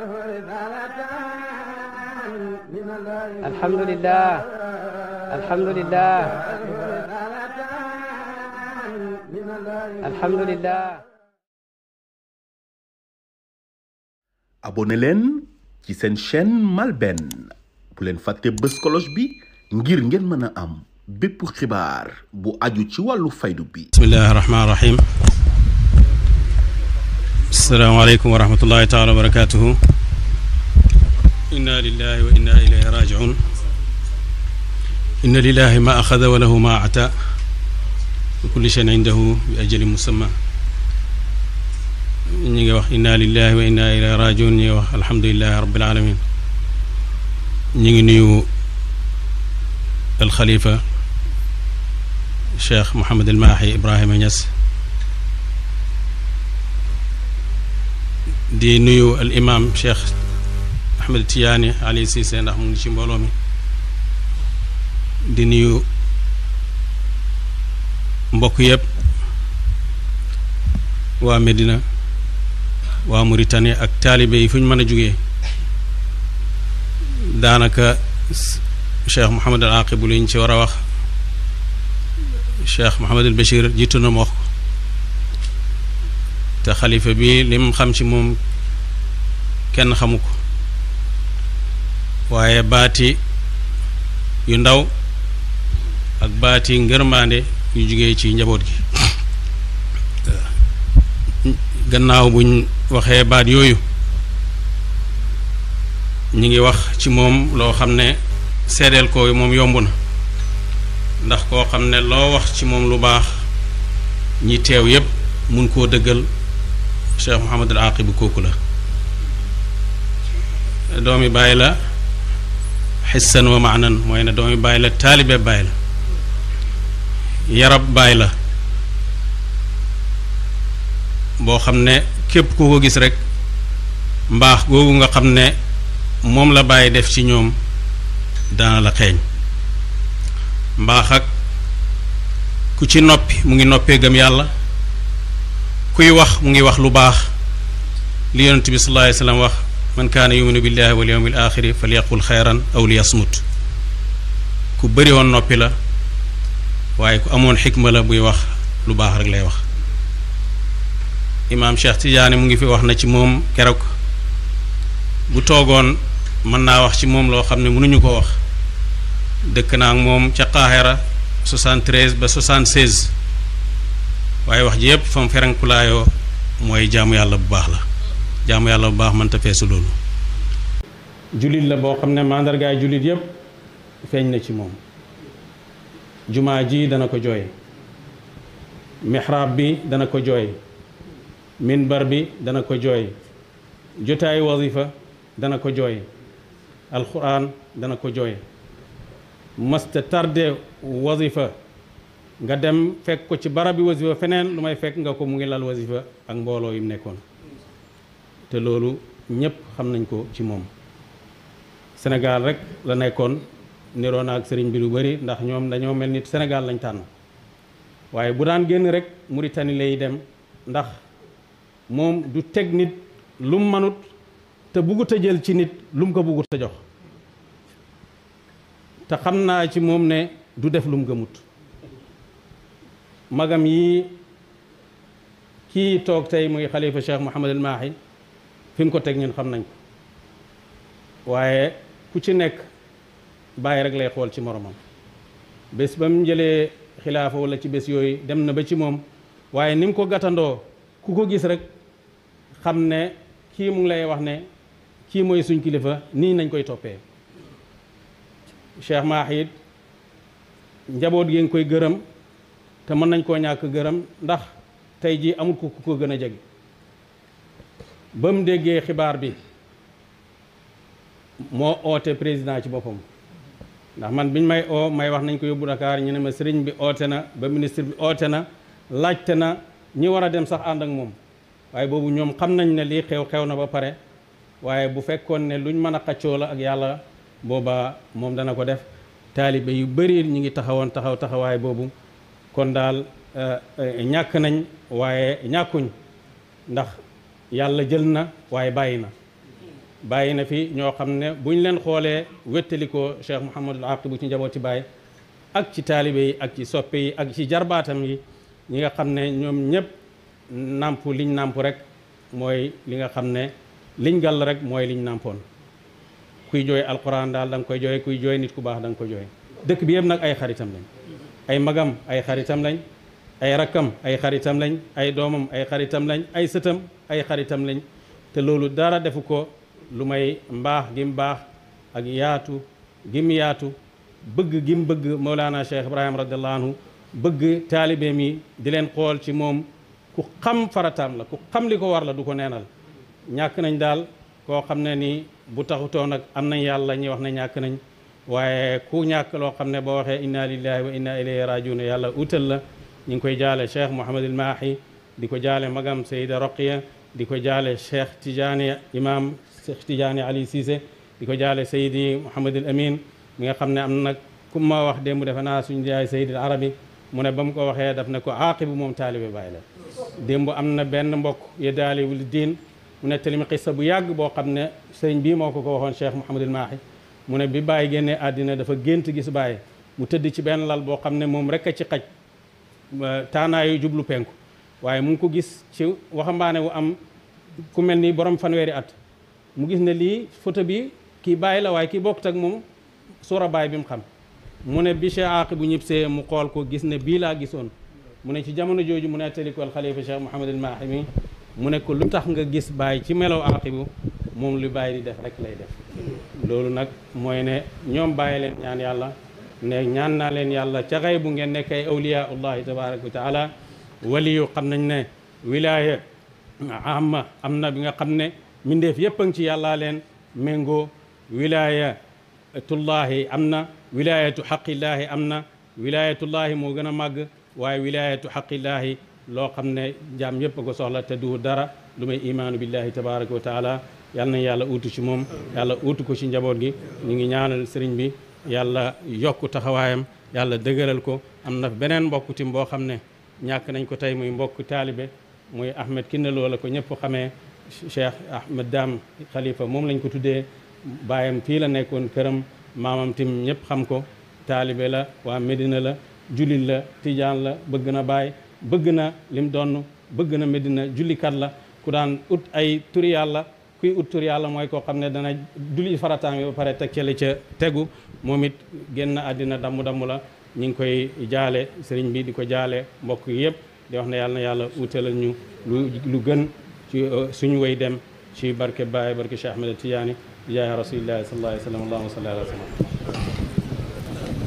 alhamdulilah la alhamdulilah. abonné leen ci seen chaîne MALBN bu leen fàtte bës cloche bi ngir ngeen mën a am bépp xibaar bu aju ci wàllu faydu bi. bismillahi rahmaani rahim. asalaamaaleykum wa rahmatullahi taala wa barakaatuhu inna lillahi wa inna ilayhi rajiun inna lillahi ma axada wa lahu ma ata wa kulli shay'in indahu bi ajali musamma ñi ngi wax inna lillahi wa inna ilayhi rajiun ñi ngi wax alhamdulilahi rabbil alamin ñi ngi nuyu alxalifa cheikh Mouhamed El Mahi Ibrahima Niass di nuyu al imaam Cheikh Ahmed Tiyaani Ali Cissé ndax mu ngi ci mbooloo mi di nuyu mbokk yëpp waa Medina waa Mauritanie ak taalibe yi fu ñu mën a jóge daanaka Cheikh Mouhamad al Aqibu li ñu ci war a wax Cheikh Mouhamad al Bachir jiitu na mu wax ko te xalifa bi lim xam ci moom kenn xamu ko waaye baati yu ndaw ak baati ngërmaande yu jóge ci njaboot gi gannaaw buñ waxee baat yooyu ñu ngi wax ci moom loo xam ne seedeel ko moom yomb na ndax koo xam ne loo wax ci moom lu baax ñi teew yépp mun koo dëggal Cheikh Mouhamadul Aqib kooku la doomi bàyyi la xissan wa maanan mooy ne doomi bàyyi la taalibe bàyyi la yarab bàyyi la boo xam ne képp ku ko gis rek mbaax googu nga xam ne moom la bàyyi def ci ñoom dana la xeeñ mbaax ak ku ci noppi mu ngi noppee gëm yàlla kuy wax mu ngi wax lu baax li yonent bi sallallahu alayhi wax man kaana yuminu billahi wal yawmil axiri falyaqul xayran aw liyasmut ku bëri woon noppi la waaye ku amoon xikma la buy wax lu baax rek lay wax imaam Cheikh Tidiane mu ngi fi wax na ci moom keroog bu toogoon mën naa wax ci moom loo xam ne mënuñu ko wax dëkk naa ak moom ca Qahira 73 ba 76 waaye wax ji yëpp fa mu ferenkulaayoo mooy jaamu yàlla bu baax la jaamu yàlla bu baax mënta feesu loolu jullit la boo xam ne mandargaay jullit yépp feeñ na ci moom jumaa ji dana ko jooy mixraab bi dana ko jooy minbar bi dana ko jooy jotaayu wazifa dana ko jooy alxuraan dana ko jooy mësta tarde wazifa nga dem fekk ko ci barab bi wazifa feneen lu may fekk nga ko mu ngi lal wazifa ak mbooloo yi mu nekkoon te loolu ñépp xam nañ ko ci moom Sénégal rek la nekkoon niroo na ak sëriñ bi lu bëri ndax ñoom dañoo mel nit Sénégal lañ tànn waaye bu daan génn rek Mauritanie lay dem ndax moom du teg nit lum manut te buggut jël ci nit lum ko buggut a jox te xam naa ci moom ne du def lum gëmut magam yi kii toog tey muy xalifa Cheikh Mouhamadul Mahi fi ñu ko teg ñun xam nañ ko waaye ku ci nekk bàyyi rek lay xool ci moromam bés ba mu jëlee xilaafa la ci bés yooyu dem na ba ci moom waaye ni mu ko gàttandoo ku ko gis rek xam ne kii mu ngi lay wax ne kii mooy suñ kilifa nii nañ koy toppee Cheikh Mahi njaboot gi nga koy gërëm te mën nañ koo ñàkk gërëm ndax tey jii amul ku ko gën a jege ba mu déggee xibaar bi moo oote président ci boppam ndax man biñ may oo may wax nañ ko yóbbu Dakar ñu ne ma sëriñ bi oote na ba ministre bi oote na laajte na ñi war a dem sax ànd ak moom waaye boobu ñoom xam nañ ne lii xew xew na ba pare waaye bu fekkoon ne lu luñ mën a xaccoo la ak yàlla boobaa moom dana ko def taalibe yu bëri ñu ngi taxawoon taxaw taxawaay boobu kon daal eh, eh, ñàkk nañ waaye ñàkkuñ ndax yàlla jël na waaye bàyyi na bàyyi na fi ñoo xam ne buñ leen xoolee wettalikoo Cheikh Mouhamadul Aqib bu ci njabooti Baay ak ci taalibe yi ak ci soppe yi ak ci jarbaatam yi ñi nga xam ne ñoom ñëpp nàmp liñ nàmp rek mooy li nga xam ne liñ gàll rek mooy liñ nàmpoon kuy jooy alquran daal da koy jooy kuy jooy nit ku baax da nga koy jooy dëkk bi yëpp nag ay xaritam lañ ay mbagam ay xaritam lañ ay rakkam ay xaritam lañ ay doomam ay xaritam lañ ay sëtam ay xaritam lañ te loolu dara defu ko lu may mbaax gim baax ak yaatu gim yaatu bëgg gim bëgg Mawlana Cheikh Ibrahima radiallahu anhu bëgg taalibeem yi di leen xool ci moom ku xam farataam la ku xam li ko war la du ko neenal ñàkk nañ daal koo xam ne nii bu taxutoo nag am nañ yàlla ñuy wax ne ñàkk nañ waaye ku ñàkk loo xam ne boo waxee inna lillahi wa inna ilayhi rajiun yàlla utal la ñu ngi koy jaale cheikh Mouhamadul Mahi di ko jaale magam Seyda Roqiya di ko jaale cheikh Tidiane imam cheikh Tidiane Ali Cissé di ko jaale Seydi Mouhamadul Amin mi nga xam ne am nag ku ma wax démb defe naa suñu jaay Seydil Arabi mu ne ba mu ko waxee daf ne ko aaqibu moom taalibe Baay la démb am na benn mbokk yeddaali wul diin mu nettali mi xissa bu yàgg boo xam ne sëñ bii moo ko ko waxoon cheikh Mouhamadul Mahi mu ne bi Baay génnee àddina dafa gént gis Baay mu tëdd ci benn lal boo xam ne moom rek a ci xaj taanaayu jublu penku waaye mu ngi ko gis ci waxambaane wu am ku mel ni boroom fanweeri at mu gis ne lii photo bi kii bàyyi la waaye kii bokk ak moom suura baay bi mu xam mu ne bi Cheikh bu ñibbisee mu xool ko gis ne bii laa gisoon mu ne ci jamono jooju mu nettali ko al xalifa Cheikh Mouhamadul mu ne ko lu tax nga gis bàyyi ci melow aaqibu moom lu bàyyi di def rek lay def loolu nag mooy ne ñoom bàyyi leen ñaan yàlla ne ñaan naa leen yàlla ca bu ngeen nekk ay awliyaullahi tabaraka wa taala waliyu xam nañ ne wilaaya amma am na bi nga xam ne mindeef yëpp a ngi ci yàllaa leen méngoo wilaayatullaahi am na wilaayatu xaqillaahi am na wilaayatullaahi moo gën a màgg waaye wilaayatu xaqillaahi loo xam ne njam yëpp a ko soxla te du dara lu may imaanu billahi tabaraka wa taala yàlla nañ uutu ci moom yàlla uutu ko ci njaboot gi ñu ngi ñaanal bi yàlla yokk taxawaayam yàlla dëgëral ko am na beneen mbokk tim boo xam ne ñàkk nañ ko tey muy mbokk taalibe muy Ahmed Kiné Lo la ko ñëpp xamee Cheikh Ahmed Dame Khalifa moom lañ ko tuddee baayam fii la nekkoon këram maamam tim ñëpp xam ko taalibe la waa Medina la jullit la tijaan la bëgg na baay bëgg na lim doon bëgg na Medina jullikat la ku daan ut ay turi yàlla kuy ut turi mooy koo xam ne dana julli farataam yi ba pare teg ca li ca tegu moom it génn àddina damm damm la ñu ngi koy jaale sëriñ bi di ko jaale mbokk yëpp di wax na yàlla yàlla wuutalal ñu lu lu gën ci euh, suñu way dem ci barke Baye barke Cheikh Ahmed Tidiane di jaay rasulillahi sallallahu alayhi wa sallam allahumma salli ala sallam